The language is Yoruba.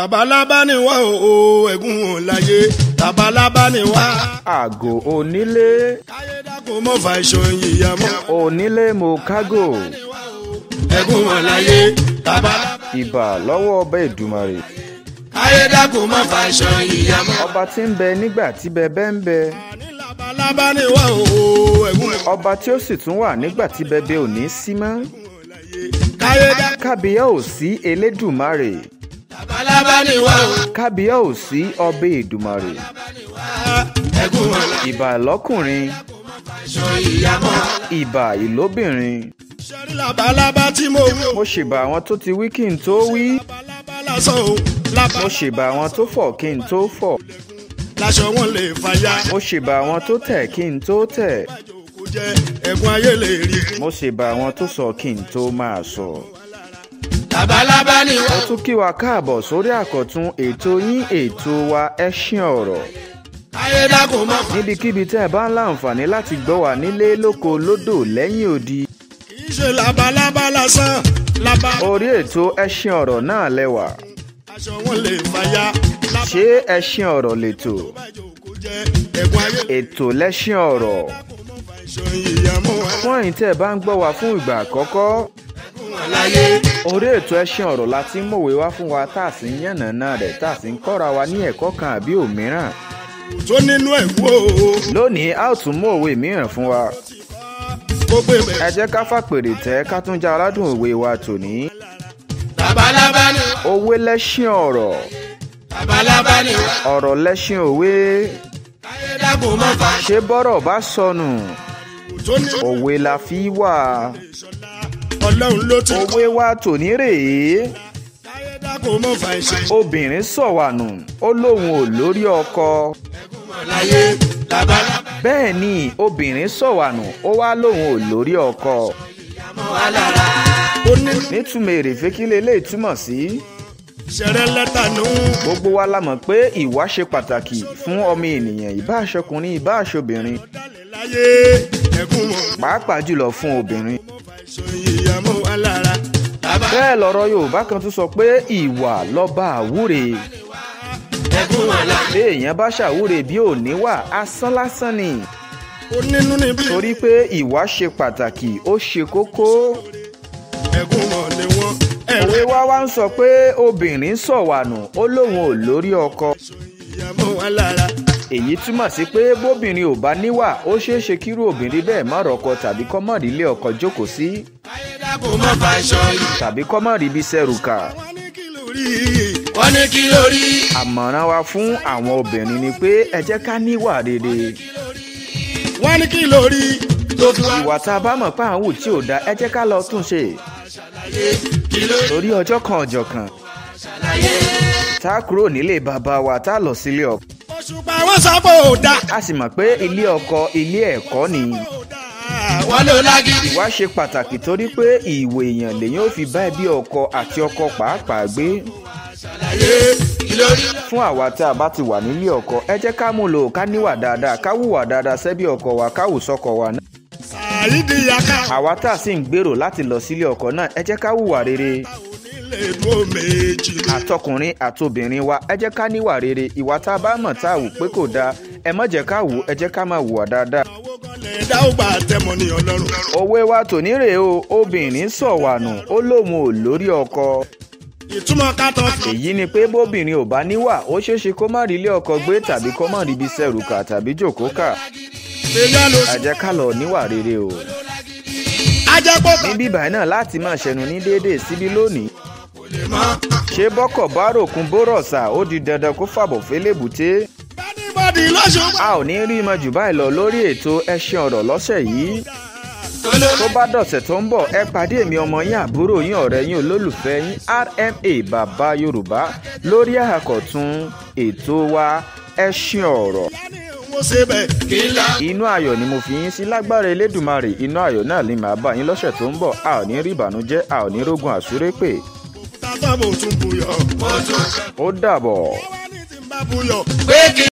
Labalábá ni wá o ẹ̀gún ò láyé labalábá ni wá. Àgò onílé. Káyédàkó mọ́ fa ìṣòyìn ìyàmọ́. Onílé mo kágò. Ẹ̀gún ò láyé labalábá. Ìbà lọ́wọ́ ọba Èdùmàrè. Káyédàkó mọ́ fa ìṣòyìn ìyàmọ́. Ọba tí ń bẹ nígbà tí bẹbẹ ń bẹ. Àní labalábá ni wá o ẹ̀gún. Ọba tí ó sì tún wà nígbà tí bẹbẹ ò ní sí mọ́. Káyédàkó. Kábíyá ò sí Elédùmarè alábániwá o. kábíyá ò sí ọbẹ̀ èdùmàrè. ẹ̀gún ọ̀la. ìbà lọ́kùnrin. ìbà ìlóbìnrin. ṣẹ́rí mo ṣèbà àwọn tó ti wí kí n tó wí. mo ṣèbà àwọn tó fọ̀ kí n tó fọ̀. mo ṣèbà àwọn tó tẹ̀ kí n tó tẹ̀. mo ṣèbà àwọn tó sọ kí n tó máa sọ labalábá ni wọ́n. ó tún kí wa káàbọ̀ sórí àkọ́tún ètò yín ètò wa ẹṣin ọ̀rọ̀. ayédáko mọ́. níbikíbi tẹ́ ẹ bá ń láǹfààní láti gbọ́ wa nílé lóko lódò lẹ́yìn odi. kì í ṣe labalábá lásán. orí ètò ẹṣin ọ̀rọ̀ náà lẹ́wà. aṣọ wọn lè fàya. ṣé ẹṣin ọ̀rọ̀ lètò? ètò lẹ́ṣin ọ̀rọ̀. fún ẹ̀yin tẹ́ ẹ bá ń gbọ́ wa fún ìgbà àkọ́kọ́ láyé. orí ètò ẹṣin ọ̀rọ̀ la ti ń mọ̀wé wá fún wa tá a sì ń yànnàná rẹ̀ tá a sì ń kọ́ra wa ní ẹ̀kọ́ kan àbí òmíràn. tó nínú ẹ̀ wò ó. lónìí a ó tún mú òwe mìíràn fún wa. ẹ jẹ́ ká fàpèrè tẹ́ ká tún já aládùn òwe wa tòní. labalábá ni. òwe lẹ́ṣin ọ̀rọ̀. labalábá ni. ọ̀rọ̀ lẹ́ṣin òwe. káyé mọ́fà. ṣé bọ́rọ̀ bá sọnù òwe la fi wà ọlọ́run ló ti kọ́. òwe wa tòní rèé obìnrin sọ̀wànù ó lóun ò lórí ọkọ. bẹ́ẹ̀ ni obìnrin sọ̀wànù ó wá lóun ò lórí ọkọ. nítumọ̀ èrè fẹ́kílẹ̀ lè túmọ̀ sí. ṣẹ̀rẹ̀ lẹ́tà nù. gbogbo wa la mọ̀ pé ìwà ṣe pàtàkì fún ọmọ ènìyàn ìbáṣọkùnrin ìbáṣọbìnrin. pàápàá jùlọ fún obìnrin bẹ́ẹ̀ lọ̀rọ̀ yorùbá kan tún sọ pé ìwà lọ́ba àwúre béèyàn bá ṣàwúre bí ò níwà asán lásán ni torí pé ìwà ṣe pàtàkì ó ṣe kókó òwe wa wá ń sọ pé obìnrin sọ̀wànù ó lóun ò lórí ọkọ èyí túmọ̀ sí pé bóbìnrin ò bá níwà ó ṣeé ṣe kírú obìnrin bẹ́ẹ̀ má rọ́kọ tàbí kọ́mọ̀rí ilé ọkọ jókòó sí tàbí kọ́mọ̀rí ibi sẹ́rùkà àmọ̀ràn wa fún àwọn obìnrin ni pé ẹ jẹ́ ká níwà rere. ìwà tá a bá mọ̀ pé à ń wù tí ò da ẹ jẹ́ ká lọ tún torí ọjọ́ kan ọjọ́ kan tá a kúrò nílé bàbá wa tá a lọ sílé ọkọ. a sì mọ̀ pé ilé ọkọ ilé ẹ̀kọ́ ni wọ́n wá ṣe pàtàkì torí pé ìwò èèyàn lèyìn ò fi bá ẹbí ọkọ àti ọkọ pàápàá gbé. fún àwa tá a bá ti wà nílé ọkọ ẹ jẹ́ ká mú lò ká níwà dáadáa ká wùwà dáadáa sẹ́bí ọkọ wa ká wù sọ́kọ wa náà. àwa tá a sì ń gbèrò láti lọ sílé ọkọ náà ẹ jẹ́ ká wùwà rere. lè dúró méjì. àtọkùnrin àtobìnrin wa ẹ jẹ́ ká níwà rere ìwà tá a bá mọ̀ tá a wù pé kò dáa ẹ má jẹ́ ká wù ẹ jẹ́ ká máa wùwà dáadáa. òwe wa tòní rèé o obìnrin sọ̀wànù ó lóun ò lórí ọkọ ìtumọ̀ kátó. èyí ni pé bóbìnrin ò bá níwà ó ṣeéṣe kó má rí ilé ọkọ gbé tàbí kó má ríbi sẹ̀rùkà tàbí jòkó kà. àjẹ́ ká lọ níwà rere o. ní bíbáyìí náà láti máa ṣẹnu ní déédéé síbi lónìí ṣé bọ́kọ̀ bá ròkun bó rọ̀ṣà ó di dandan kó fàbọ̀ félébùté. a ò ní rí mọ jù báyìí lọ lórí ètò ẹṣin ọ̀rọ̀ lọ́sẹ̀ yìí tó bá dọ̀sẹ̀ tó ń bọ̀ ẹ pàdé èmi ọmọ yín àbúrò yín ọ̀rẹ́ yín olólùfẹ́ yín RMA bàbá Yorùbá lórí àkọ̀tun ètò wa ẹṣin ọ̀rọ̀ inú ayọ̀ ni mo fi yín sí lágbára Elédùmarè inú ayọ̀ náà ni màá bá yín lọ́sẹ̀ tó ń bọ̀ a ò ní rí ìbànújẹ́ a ò ní rógun àsúrépè pa mo ó dàbọ̀.